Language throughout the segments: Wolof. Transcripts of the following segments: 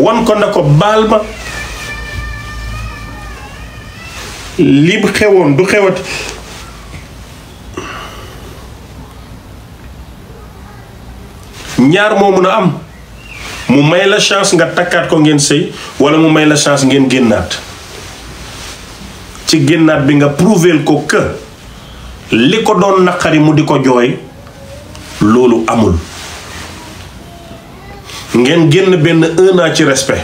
wan ko na ko baal ma li xewoon du xew xewati ñaar moo mun a am mu may la chance nga takkaat ko ngeen sëy walla mu may la chance ngeen génnaat ci génnaat bi nga prouver ko que li ko doon naqari mu di ko jooy loolu amul ngeen génn benn un ci respe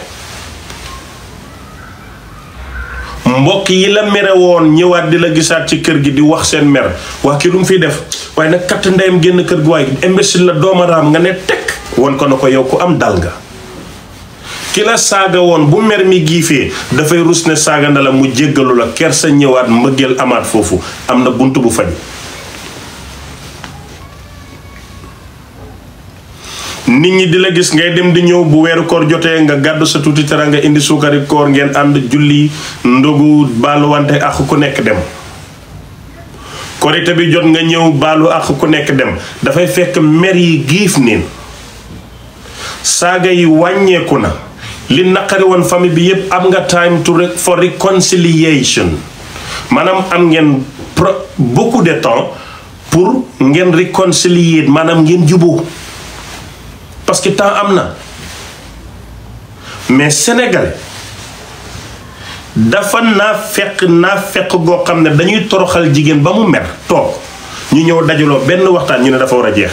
mbokk yi la mere woon ñëwaat di la gisaat ci kër gi di wax seen mer wax ki lu mu fiy def waaye nag katt ndeyam génn kër gi waaye imbécile la doomaraam nga ne tekk won ko na ko yow ku am dal nga ki la saaga woon bu mer mi giifee dafay rus ne saaga na la mu jéggalu la kersa ñëwaat mbëggeel amaat foofu am na bunt bu faj nit ñi di la gis ngay dem di ñëw bu weeru koor jotee nga gàddu sa tuuti nga indi suukari koor ngeen ànd julli ndogu wante ak ku nekk dem korite bi jot nga ñëw baalu ak ku nekk dem dafay fekk mer yi giif niin saaga yi wàññeeku na li naqari woon famille bi yépp am nga time to for reconciliation maanaam am ngeen pro beaucoup de temps pour ngeen réconcilier maanaam ngeen juboo parce que temps am na mais sénégalais dafa naa fekk naa fekk goo xam ne dañuy toroxal jigéen ba mu mer toog ñu ñëw dajaloo benn waxtaan ñu ne dafa war a jeex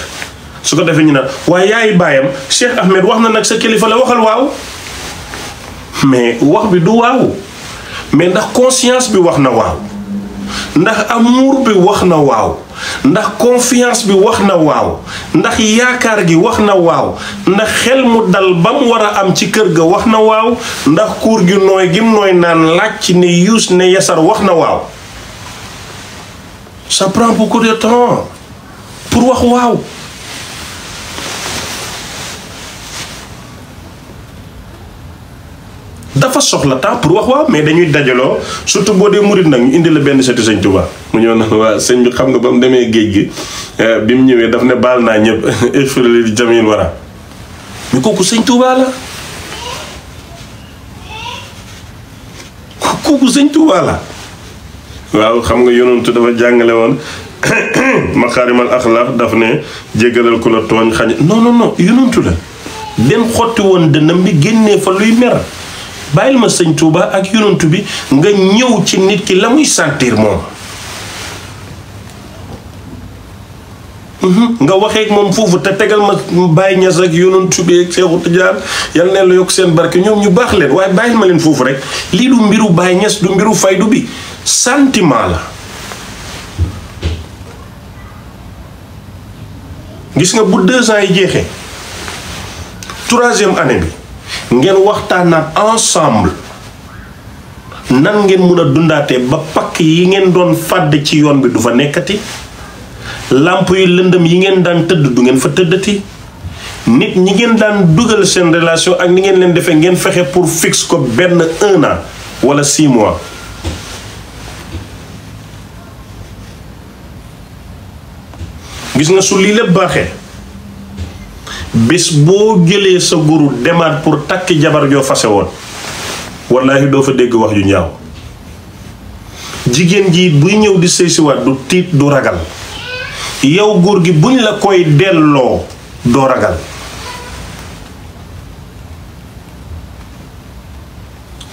su ko defee ñu ne waaye yaay baayam Cheikh Ahmed wax na nag sa kilifa la waxal waaw mais wax bi du waaw mais ndax conscience bi wax na waaw ndax amour bi wax na waaw ndax confiance bi wax na waaw ndax yaakaar gi wax na waaw ndax xel mu dal ba mu war a am ci kër ga wax na waaw ndax kuur gi nooy gim nooy naan laaj ne yuus ne yasar wax na waaw ça prend beaucoup de pour wax waaw dafa soxla temps pour wax waaw mais dañuy dajaloo surtout boo dee murit nag ñu indi la benn setu sëñ Tuubaa mu ñëw na waa sëñ bi xam nga ba mu demee géej gi eh, bi mu ñëwee daf ne baal naa ñëpp exfirli li jamil wara mais kooku sëñ la sëñ Tuubaa la waaw xam nga yonentu dafa jàngale woon makaarimal axlaax daf ne jéggalal ku la tooñ xañ non non non yonentu la dem xotti woon dënam bi génnee fa luy mer bàyyil ma sëñ Touba ak yonantu bi nga ñëw ci nit ki la muy sentir moom mhm. nga waxeek moom foofu te tegal ma bàyyi ñas ak yonantu bi ak Seexu Tijaan yal neen la yokk seen barke ñoom ñu baax leen waaye bàyyil ma leen foofu rek lii du mbiru bàyyi ñas du mbiru faydu bi sentiment la gis nga bu deux ans yi jeexee troisième année bi ngeen waxtaanaat ensemble nan ngeen mun a dundaate ba pakk yi ngeen doon fàdd ci yoon bi du fa nekkati làmp yu lëndëm yi ngeen daan tëdd du ngeen fa tëddati nit ñi ngeen daan dugal seen relation ak ni ngeen leen defee ngeen fexe pour fixe ko benn un an wala six mois gis nga su lii lépp baaxee bés boo jëlee sa guru demaat pour takk jabar joo fase woon wallaahi doo fa dégg wax yu ñaaw jigéen ji buy ñëw di sëy siwaat du tiit du ragal yow góor gi buñ la koy delloo doo ragal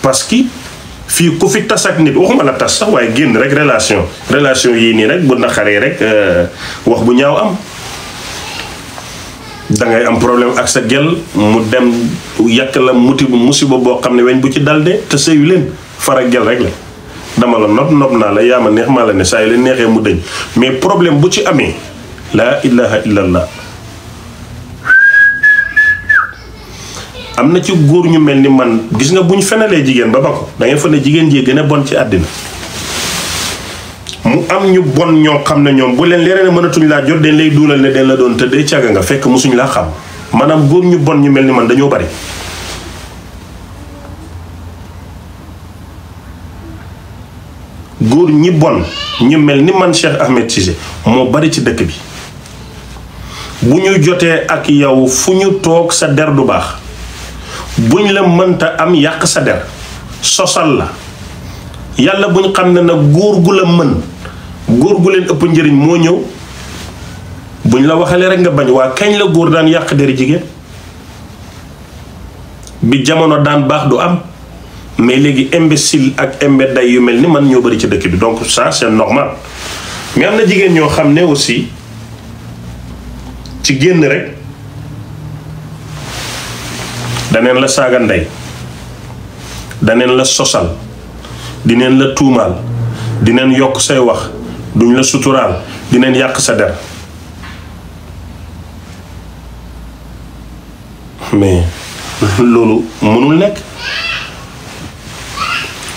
parce que fii ku fi tas ak nit waxuma la tas sax waaye génn rek relation relation yii nii rek bu naqaree rek euh, wax bu ñaaw am da ngay am problème ak sa gel mu dem yàq la muti musiba boo xam ne weñ bu ci dal te sëyu fara gel rek la dama la nopp nopp naa la yaa neex ma la ne saa yi la neexee mu dëñ mais problème bu ci amee laa ilaha illallah am na ci góor ñu mel ni man gis nga bu ñu fenalee jigéen ba ba ko da fa ne jigéen jee gën a bon ci àddina mu am ñu bon ñoo xam ne ñoom bu leen leeree ne mënatuñ laa jot dañ lay duulal ne dañ la doon tëddee caga nga fekk musuñ laa xam maanaam góor ñu bon ñu mel ni man dañoo bari góor ñi bon ñu mel ni man Cheikh Ahmed Cissé moo bari ci dëkk bi bu ñu jotee ak yow fu ñu toog sa der du baax buñ la mënta am yàq sa der sosal la yàlla buñ xam ne nag góor gu la mën góor gu leen ëpp njëriñ moo ñëw buñ la waxalee rek nga bañ waa kañ la góor daan yàq deri jigéen bi jamono daan baax du am mais léegi imbécile ak imbe yu mel ni man ñoo bari ci dëkk bi donc ça c'est normal mais am na jigéen ñoo xam ne aussi ci génn rek daneen la saaga ndey daneen la sosal dineen la tuumaal dineen yokk say wax duñ la suturaal dinañ yàq sa der mais loolu mënul nekk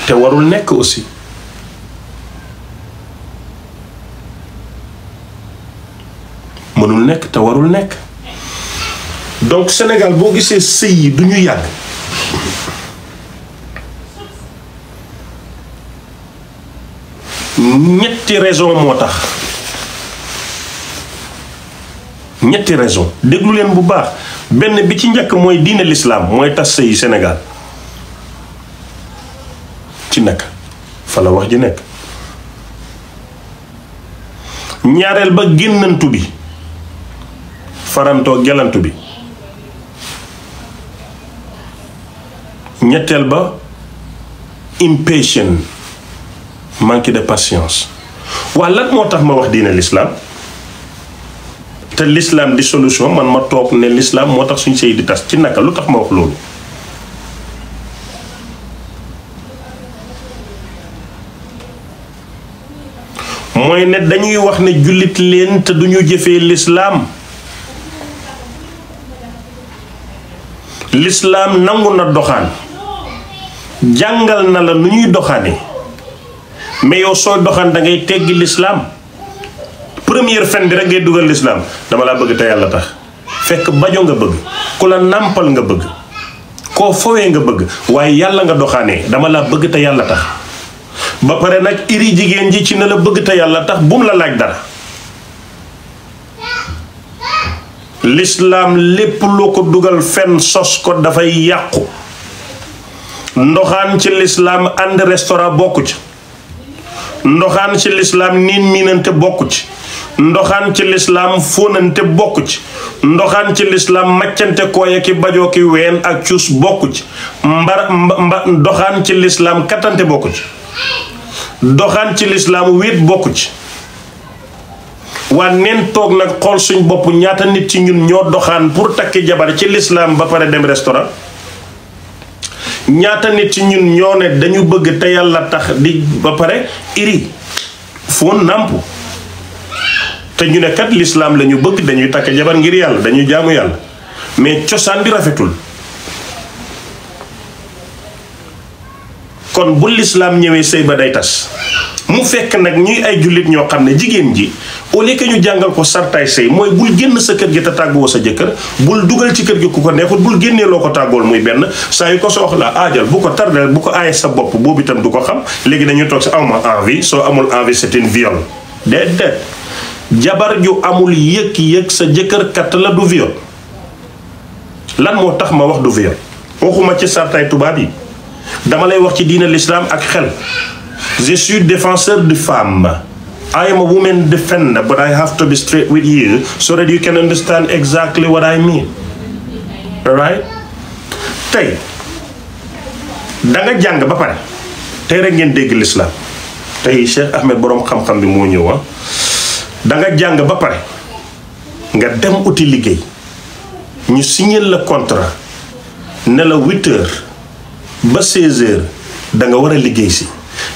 te warul nekk aussi mënul nekk te warul nekk donc Sénégal boo gisee sëy yi du ñu yàgg ñetti raison moo tax ñetti raison déglu leen bu baax benn bi ci njëkk mooy diine lislaam mooy tas sëy senegaal ci nakk fa wax ji nekk ñaareel ba génnantu bi farantoo gelantu bi ñetteel ba impatient manque de patience waa lan moo tax ma wax diine l'islam te l'islam di solution man ma toog ne lislaam moo tax suñ sëy di tas ci naka lu tax ma wax loolu mooy ne dañuy wax ne jullit leen te duñu jëfee lislaam lislaam nangu na doxaan jàngal na la nu ñuy doxaane mais yow soo doxan da ngay teggi lislaam première fen bi rek ngay dugal lislaam dama laa bëgg te yàlla tax fekk bajo nga bëgg ku la nàmpal nga bëgg koo fowee nga bëgg waaye yàlla nga doxaanee dama laa bëgg te yàlla tax ba pare nag iri jigéen ji ci na la bëgg te yàlla tax bum la laaj dara lislaam lépp loo ko dugal fenn sos ko dafay yàqu ndoxaan ci lislaam ànd restaurant bokku ci ndoxaan ci lislaam niin miinante bokku ci ndoxaan ci lislaam fóonante bokku ci ndoxaan ci lislaam maccante kooya ki bajoo ki ween ak cuus bokk ci mbar mba ndoxaan ci lislaam kattante bokku ci doxaan ci lislaam wéet bokku ci waa neen toog nag xool suñ bopp ñaata nit ci ñun ñoo doxaan pour takki jabar ci lislaam ba pare dem restaurant ñaata nit ci ñun ñoo ne dañu bëgg te yàlla tax di ba pare iri foon nàmp te ñu ne kat lislaam la ñu bëgg dañuy takk jabar ngir yàlla dañuy jaamu yàlla mais cosaan bi rafetul kon bu lislaam ñëwee sëy ba day tas mu fekk nag ñuy ay jullit ñoo xam ne jigéen ji au lieu ñu jàngal ko sartaay sëy mooy bul génn sa kër gi te tàgguwoo sa jëkkër bul dugal ci kër gi ku ko neexut bul génnee loo ko tàggool muy benn saa yu ko soxla aajal bu ko tardel bu ko aaye sa bopp boobu itam du ko xam léegi dañuy toog si awma envie soo amul envie c'est une viol déedéet jabar ju amul yëg-yëg sa jëkkër kat la du viol lan moo tax ma wax du viol waxuma ci sartaay tubaab yi dama lay wax ci diina l'islam ak xel Je suis défenseur de femmes. I am a woman defender, but I have to be straight with you so that you can understand exactly what I mean. tey da jàng ba pare tey rek ngeen dégg lislaam tey Cheikh Ahmed boroom xam-xam bi moo ñëw ah. da nga jàng ba pare nga dem uti liggéey ñu signal la contre ne la huit ba seize danga war a liggéey si.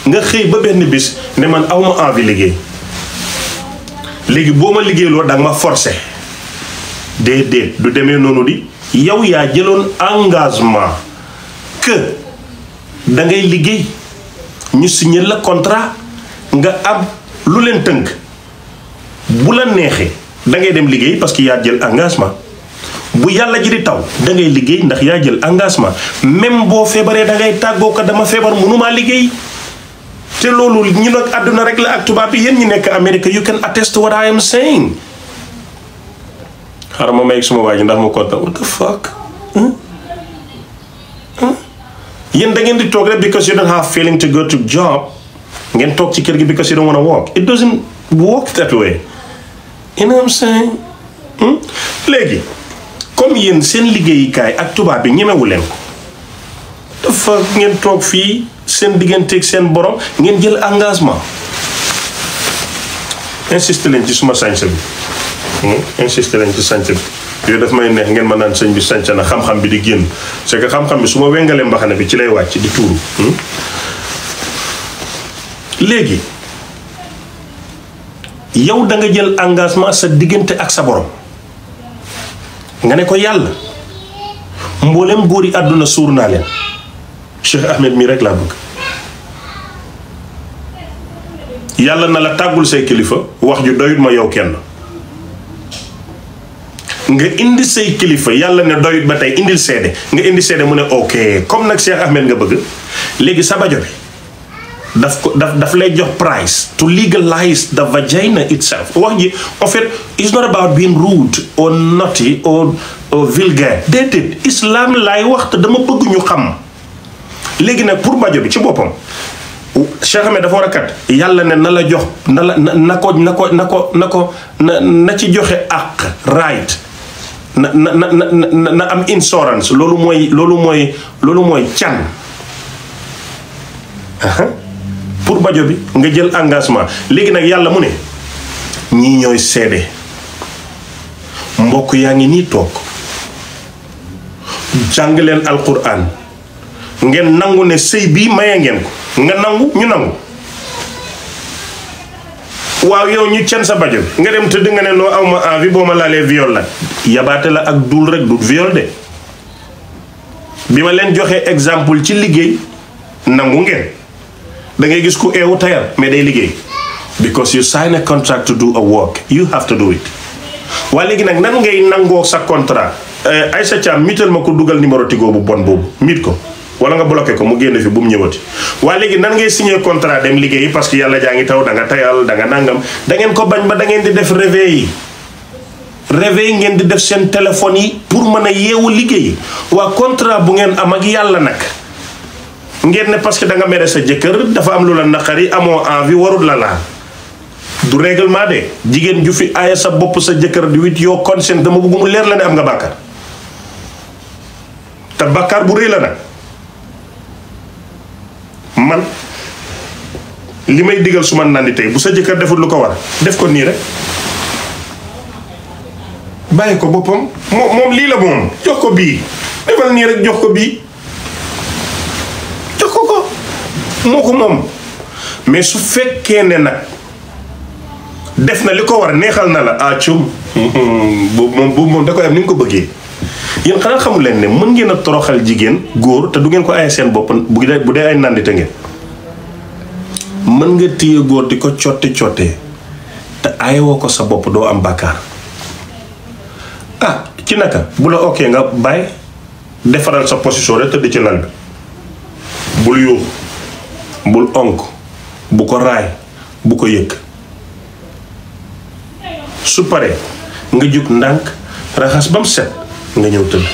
nga xëy ba benn bis ne man aw ma envie liggéey léegi boo ma liggéeyloo da nga ma forcé déedéet du demee noonu di yow yaa jëloon engagement que da ngay liggéey ñu signé la contrat nga am lu leen tënk bu la neexee dangay dem liggéey parce que yaa jël engagement bu yàlla ji di taw da ngay liggéey ndax yaa jël engagement même boo feebaree dangay ngay tàggoo ko dama feebar mënumaa liggéey. te loolu ñu nag àdduna rek la ak tubaab bi yéen ñu nekk Amérique you can attest what I am saying. xaaral may suma waa ji ndax ma ko what the fuck. da ngeen di toog rek because you don't have feeling to go to job ngeen toog ci kër gi because you don't want to work it doesn't work that way you know what saying hmm? léegi comme yéen seen liggéeyukaay ak tubaab bi ñemewu leen ko ngeen toog fii seen diggante digganteeg seen borom ngeen jël engagement insisté leen ci suma sañse bi hmm? insisté leen ci sañse bi yooyu daf may neex ngeen ma naan sëñ bi sañse na xam-xam bi di génn c'est que xam-xam bi su ma wengalee mbaxane bi ci lay wàcc di tuuru hmm? léegi yow da nga jël engagement sa diggante ak sa borom nga ne ko yàlla mboolem góor yi àdduna suur naa leen Cheikh Ahmed mii rek laa bëgg yàlla na la tàggul say kilifa wax ju doyut ma yow kenn nga indi say kilifa yàlla ne doyut ba tey indil seede nga indi seede mu ne ok comme nag Cheikh Ahmed nga bëgg léegi Sabajo bi daf ko daf daf lay jox price to legalize the vagina itself wax ji en fait not about being rude or naughty or or vulgaire islam laay wax dama bëgg xam. léegi nag pour bajo bi ci boppam Cheikh Ahmed dafa war a kat yàlla ne na la jox na la na ko na ko na ko na ko ci joxe ak right na na na na na am insurance loolu mooy loolu mooy loolu mooy can pour bajo bi nga jël engagement léegi nag yàlla mu ne ñii ñooy seede mbokk yaa ngi nii toog jàng leen alquran ngeen nangu ne sëy bii maye ngeen ko nga nangu ñu nangu waaw yow ñu cen sa bajo nga dem tëdd nga ne noo awma envie boo ma laalee viol la yabaate la ak dul rek du viol de bi ma leen joxee exemple ci liggéey nangu ngeen dangay gis ku eewu tayal mais day liggéey because you sign a contract to do a work you have to do it waa léegi nag nan ngay nangoo sa contrat eh, ay sa caam miital ma ko dugal numéro tigo bu bon boobu miit ko wala nga bloqué ko mu génn fi bu mu ñëwati waaye léegi nan ngay siñee contrat dem liggéeyi parce que yàlla jaa ngi taw da nga tayal da nga nangam da ngeen ko bañ ba da ngeen di def réveil yi réveil ngeen di def seen téléphone yi pour mën a yeewu liggéey waa contrat bu ngeen am ak yàlla nag ngeen ne parce que da nga mere sa jëkkër dafa am lu la naqari amoo envie warul la laal du règlement de jigéen ju fi aaya sa bopp sa jëkkër di wit yoo consent dama bëgg mu leer la ne am nga bàkkaar te bàkkaar bu rëy la nag man li may digal su ma nandi bu sa jëkkër deful lu ko war def ko nii rek bàyyi ko boppam moom moom lii la moom jox ko bii defal nii rek jox ko bii jox ko ko moom mais su fekkee ne nag def na li ko war neexal na la acum ah boobu moom boobu moom da koy am ni nga ko bëggee yéen xanaa xamul leen ne mën ngeen a toroxal jigéen góor te du ngeen ko aye seen bopp bu dee bu dee ay nandite ngeen mën nga téye góor di ko cotti cottee te ayewoo ko sa bopp doo am bàkkaar ah ci naka bu la okkee nga bàyyi defaral sa position rek tëdd ci lal bi bul yuux bul onk bu ko raay bu ko yëkk su paree nga jóg ndànk raxas ba mu set nga ñëw tëdd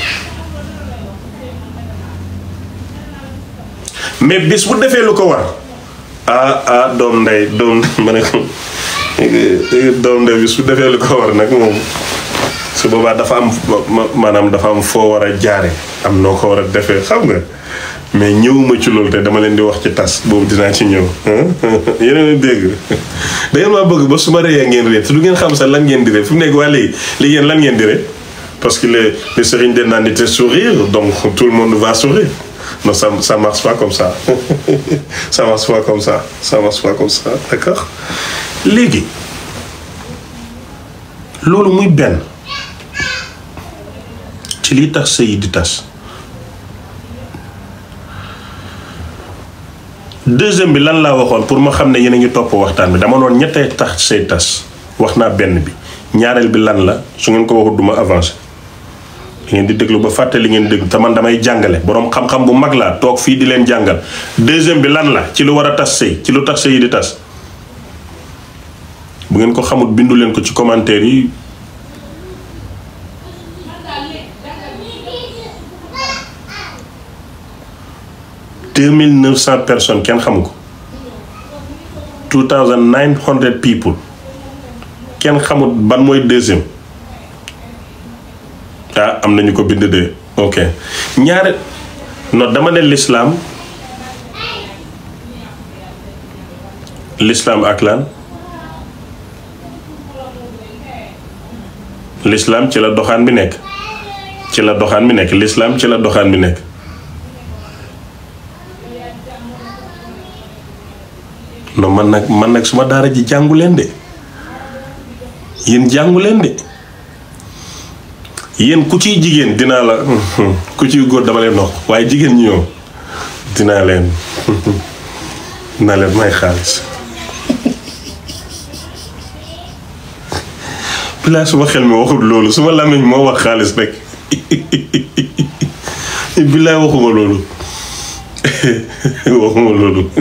mais bis bu defee lu ko war ah ah doom ndey doom ma ne ko doom ndey bi su defee lu ko war nag moom su boobaa dafa am maanaam dafa am foo war a jaare am noo ko war a defee xam nga mais ñëwuma ci loolu te dama leen di wax ci tas boobu dinaa ci ñëw yeneen a ngi dégg da ngeen maa bëgg ba su ma reyee ngeen ree te du ngeen xam sax lan ngeen di ree fu mu nekk waa léegi li ngeen lan ngeen di ree parce que les les sëriñ den naan nit sourire donc tout le monde va sourire Non, ça ne marche pas comme ça. ça ne léegi loolu muy benn ci liy tax sëy di tas deuxième bi lan laa waxoon pour ma xam ne yéen a ngi topp waxtaan bi dama noon ñettee tax sëy tas wax naa benn bi ñaareel bi lan la su ngeen ko waxut duma avancé li ngeen di déglu ba fàtte li ngeen déglu te damay jàngale boroom xam-xam bu mag laa toog fii di leen jàngal deuxième bi lan la ci lu war a tas sëy ci lu tax sëy yi di tas bu ngeen ko xamul bindu leen ko ci commentaire yi te mille neuf cent personnes kenn xamu ko two thousand nine hundred people kenn xamul ban mooy deuxième ah am nañu ko bind de ok ñaare non dama ne lislaam lislaam ak lan lislaam ci la doxaan bi nekk ci la doxaan bi nekk lislaam ci la doxaan bi nekk non man nag man nag suma daara ji jàngu leen de yéen jàngu leen de yéen ku ciy jigéen dinaa la ku ciy góor dama leen noq waaye jigéen ñi ñoom dinaa leen dinaa leen may xaalis. bilaay suma xel mi waxut loolu suma làmmiñ moo wax xaalis rek bilaay waxuma loolu loolu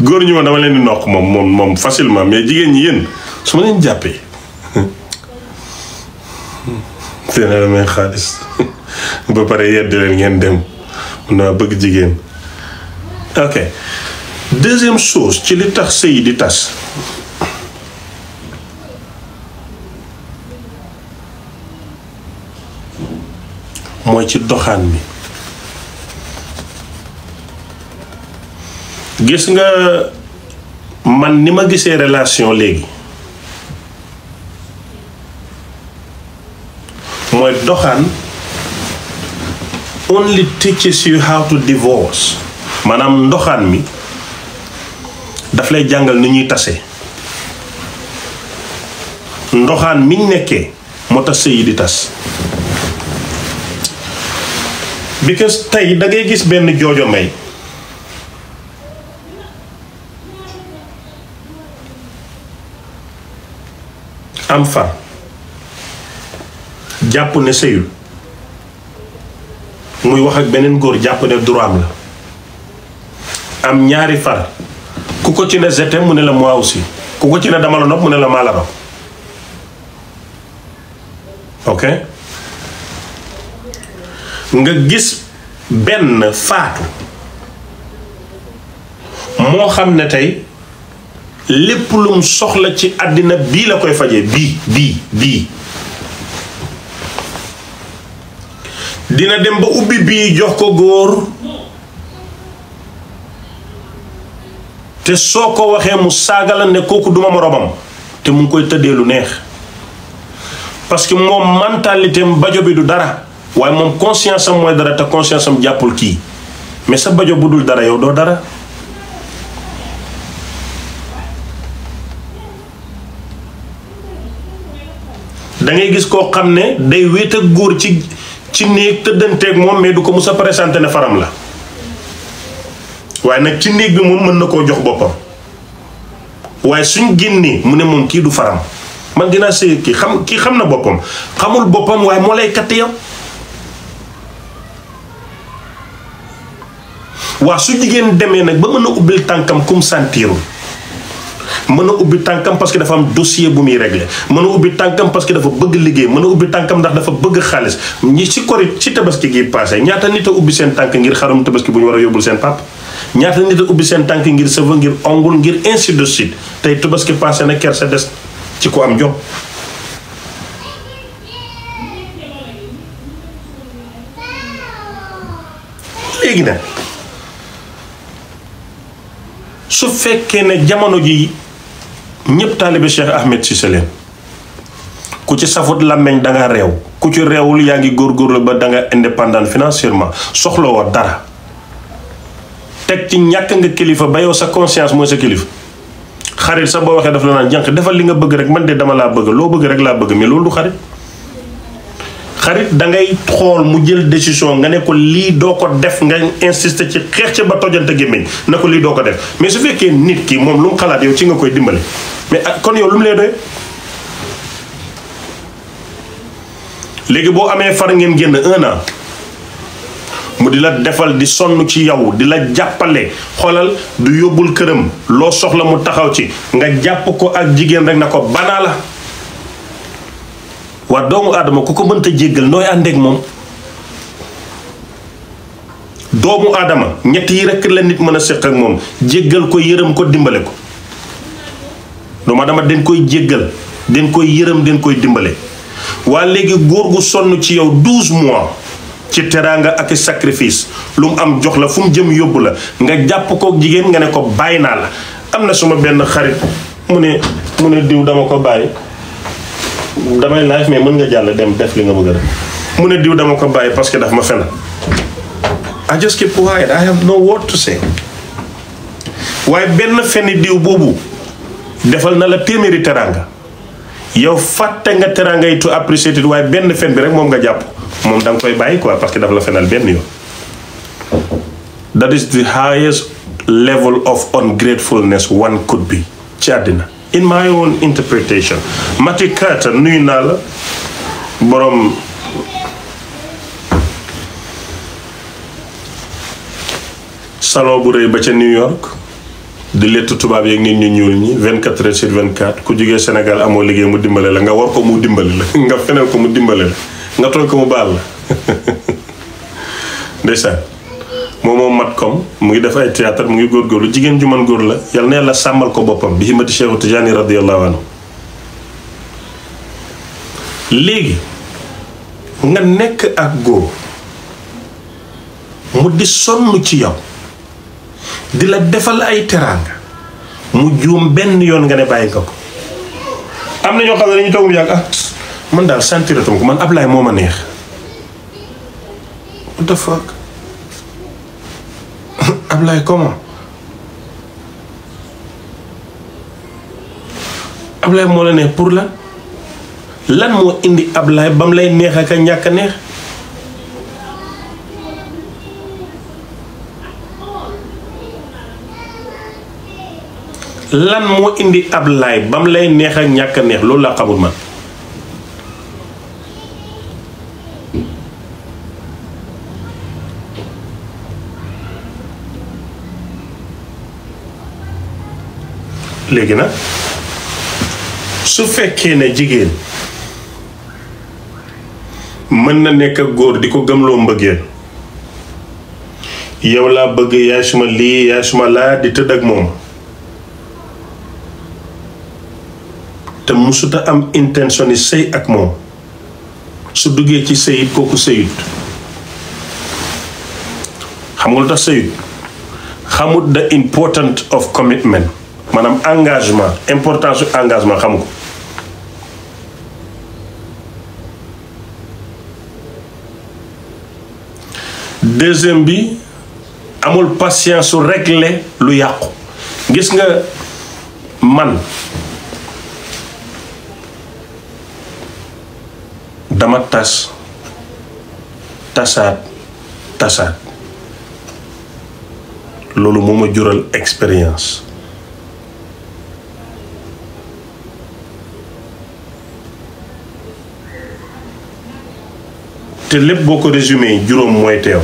góor ñi ma dama leen di noq moom moom moom facilement mais jigéen ñi yéen su ma leen jàppee. te ne xaalis ba pare yedd leen ngeen dem mun naa bëgg jigéen ok deuxième chose ci li tax sëy di tas mooy ci doxaan bi gis nga man ni ma gisee relation léegi doxaan only teaches you how to divorce maanaam ndoxaan mi daf lay jàngal ni ñuy tase ndoxaan miñ nekkee moo yi di tas because tey dangay gis benn joojo may jàpp ne sëyul muy wax ak beneen góor jàpp ne droit la am ñaari far ku ko ci ne zete mu ne la moi aussi ku ko ci ne dama la nopp mu ne la maa nga gis benn faatu moo xam ne tey lépp lum soxla ci àddina bii la koy faje bii bii bii dina dem ba ubbi bii jox ko góor te soo ko waxee mu saagala ne kooku duma moroomam te mu ngi koy tëddee lu neex parce que moom mentalité am bajo bi du dara waaye moom conscience am mooy dara te conscience am jàppul kii mais sa bajo bu dul dara yow doo dara dangay gis koo xam ne day wéet góor ci ci néeg tëddanteeg moom mais du ko mus a présenté ne faram la waaye nag ci néeg bi moom mën na koo jox boppam waaye suñ génnee mu ne moom kii du faram man dinaa sëy kii xam kii xam na boppam xamul boppam waaye moo lay katt yow waa su jigéen demee nag ba mën a ubbil tànkam kum santiirul mën na ubbi tànkam parce que dafa am dossier bu muy réglé mën a ubbi tànkam parce que dafa bëgg liggéey mën a ubbi tànkam ndax dafa bëgg xaalis ñi ci korit ci tabaski gi passé ñaata nit a ubbi seen tànk ngir xarum tabaski ñu war a yóbbul seen pap ñaata nit ubbi seen tànk ngir sëva ngir ongul ngir ainsi de suite tey tabaski passé na kersa des ci ko am jom léegi nag su fekkee ne jamono ji ñëpp taalibe Cheikh Ahmed Cissé leen ku ci safut làmmiñ da nga réew ku ci réewul yaa ngi góor góorgóorlu ba da nga indépendant financièrement soxlawoo dara teg ci ñàkk nga kilifa ba yow sa conscience mooy sa kilifa xarit sa boo waxee daf la naan jànq defal li nga bëgg rek man de dama laa bëgg loo bëgg rek laa bëgg mais loolu du xarit. xarit da ngay xool mu jël décision nga ne ko lii doo ko def nga insister ci xeex ci ba tojante gémmiñ na ko lii doo ko def mais su fekkee nit ki moom lu mu xalaat yow ci nga koy dimbale mais kon yow lu mu lay doy. léegi boo amee far ngeen génn un mu di la defal di sonn ci yow di la jàppale xoolal du yóbbul këram loo soxla mu taxaw ci nga jàpp ko ak jigéen rek na ko banaa la waa doomu aadama ku ko mënta jéggal nooy àndeek moom doomu aadama ñett yi rekk la nit mën a séq ak moom jéggal ko yërëm ko dimbale ko doomu aadama den koy jéggal den koy yërëm den koy dimbale waa léegi góor gu sonn ci yow douze mois ci teraanga ak sacrifice lu mu am jox la fu mu jëm yóbbu la nga jàpp ko jigéen nga ne ko bàyyi naa la am na suma benn xarit mu ne mu ne diw dama ko bàyyi damay live mais mën nga jàll dem def li nga bëgg a def mu ne diw dama ko bàyyi parce que daf ma fen I just keep quiet I have no word to say waaye benn fenn diw boobu defal na la téeméeri teraanga yow fàtte nga teraanga yi to appreciate waaye benn fen bi rek moom nga jàpp moom da koy bàyyi quoi parce que dafa la fenal benn yoon that is the highest level of ungratefulness one could be ci àddina in my own interpretation Mathieu Carter nuyu naa la borom saloo bu rëy ba ca New York di lettu tubaab yeeg nit ñu ñuul ñi 24 heures sur 24 ku jógee Sénégal amoo liggéey mu dimbale la nga war ko mu dimbale la nga feneen ko mu dimbale la nga tooñ ko mu baal la moom moom mat kom mu ngi def ay théâtre mu ngi góorgóorlu jigéen ju man góor la yal na yàlla sàmmal ko boppam bi himati Cheikh Tijaani radiyallahu anhu léegi nga nekk ak góor mu di sonn ci yow di la defal ay teraanga mu juum benn yoon nga ne bàyyi nga ko am na ñoo xam ne dañuy toog mu yàgg ah man daal sentiratuma ko man Ablaay moo ma neex Ablaye comment Ablaye moo la pour lan lan moo indi Ablaye ba lay neex ñàkk neex lan moo indi Ablaye ba mu lay neex ak ñàkk neex loolu la xamul léegi nag su fekkee ne jigéen mën na nekk góor di ko gëmloo mbëggeel yow laa bëgg yaay suma lii yaay suma laa di tëdd ak moom te musuta am intention ni sëy ak moom su duggee ci sëyit kooku sëyut xam nga lu tax sëyut xamut the important of commitment maanaam engagement importance su engagement xam ko deuxième bi amul patience su régler lu yàqu gis nga man dama tas tasaat tasaat loolu moo ma jural expérience te lépp boo ko résumé juróom mooy teew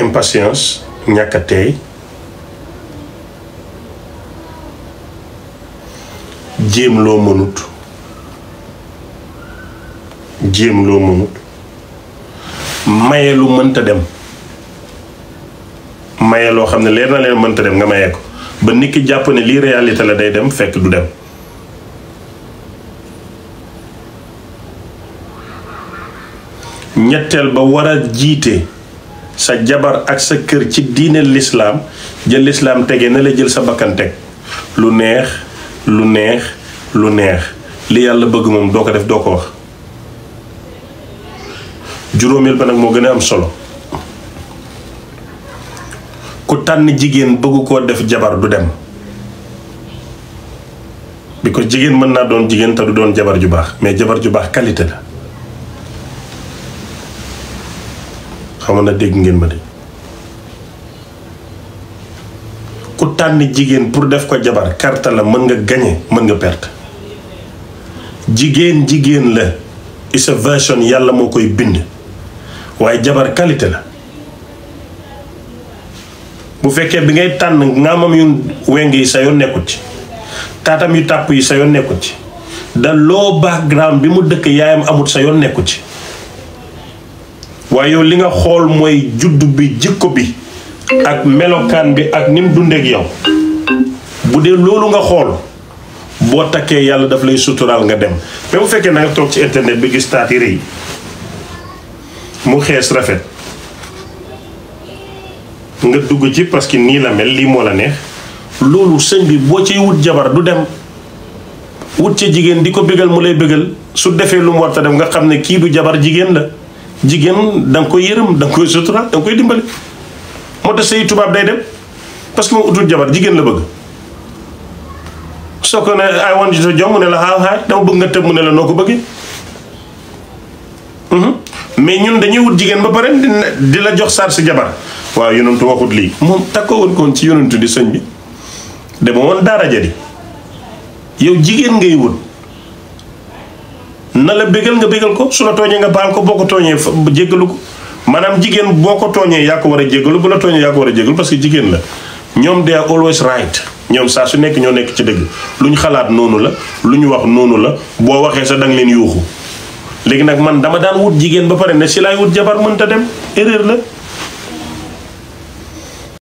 impatience ñàkk a teey jéem loo mënut jéem loo mënut maye lu mënta dem maye loo xam ne leer na leen mënta dem nga maye ko ba nit ki jàpp ne lii réalité la day dem fekk du dem ñetteel ba war a jiite sa jabar ak sa kër ci diine lislaam jël lislaam tege na la jël sa bakkan lu neex lu neex lu neex li yàlla bëgg moom doo ko def doo ko wax juróomeel ba nag moo gën a am solo ku tànn jigéen bëggu koo def jabar du dem ko jigéen mën naa doon jigéen te du doon jabar ju baax mais jabar ju baax qualité la xamoon na dégg ngeen ma de ku tànn jigéen pour def ko jabar carte la mën nga gañe mën nga perte jigéen jigéen la isa version yàlla moo koy bind waaye jabar qualité la bu fekkee bi ngay tànn ngaamam yu weng yi sa yoon nekkut ci taatam yu tàpp yi sa yoon nekkut ci da loo background bi mu dëkk yaayam amut sa yoon nekkut ci waaye yow li nga xool mooy juddu bi jikko bi ak melokaan bi ak ni mu dundeek yow bu dee loolu nga xool boo takkee yàlla daf lay suturaal nga dem mais bu fekkee na nga toog ci internet bi gis taati rëy mu xees rafet nga dugg ci parce que nii la mel lii moo la ne loolu sëñ bi boo ciy wut jabar du dem wut ca jigéen di ko bégal mu lay bëggal su defee lu mu war dem nga xam ne kii du jabar jigéen la jigéen da nga yërëm da nga koy sutural da koy dimbali moo tax sëy tubaab day dem parce que moom jabar jigéen la bëgg soo ko ne I want you la xaaw xaay dama bëgg nga tëb mu ne la noo ko bëggee mhm. mais ñun dañuy wut jigéen ba pare di la jox sar si jabar waaw yonentu waxut lii moom takkoo woon koon ci yonentu di sëñ bi dama woon daara ja di yow jigéen ngay wut na la bégal nga bégal ko su la tooñee nga baal ko boo ko tooñee jéggalu ko maanaam jigéen boo ko tooñee yaa ko war a jéggalu bu la tooñee yaa ko war a jéggalu parce que jigéen la ñoom de are always right ñoom saa su nekk ñoo nekk ci dëgg lu ñu xalaat noonu la lu ñu wax noonu la boo waxee sa da leen yuuxu léegi nag man dama daan wut jigéen ba pare ne si laay wut jabar mënta dem erreur la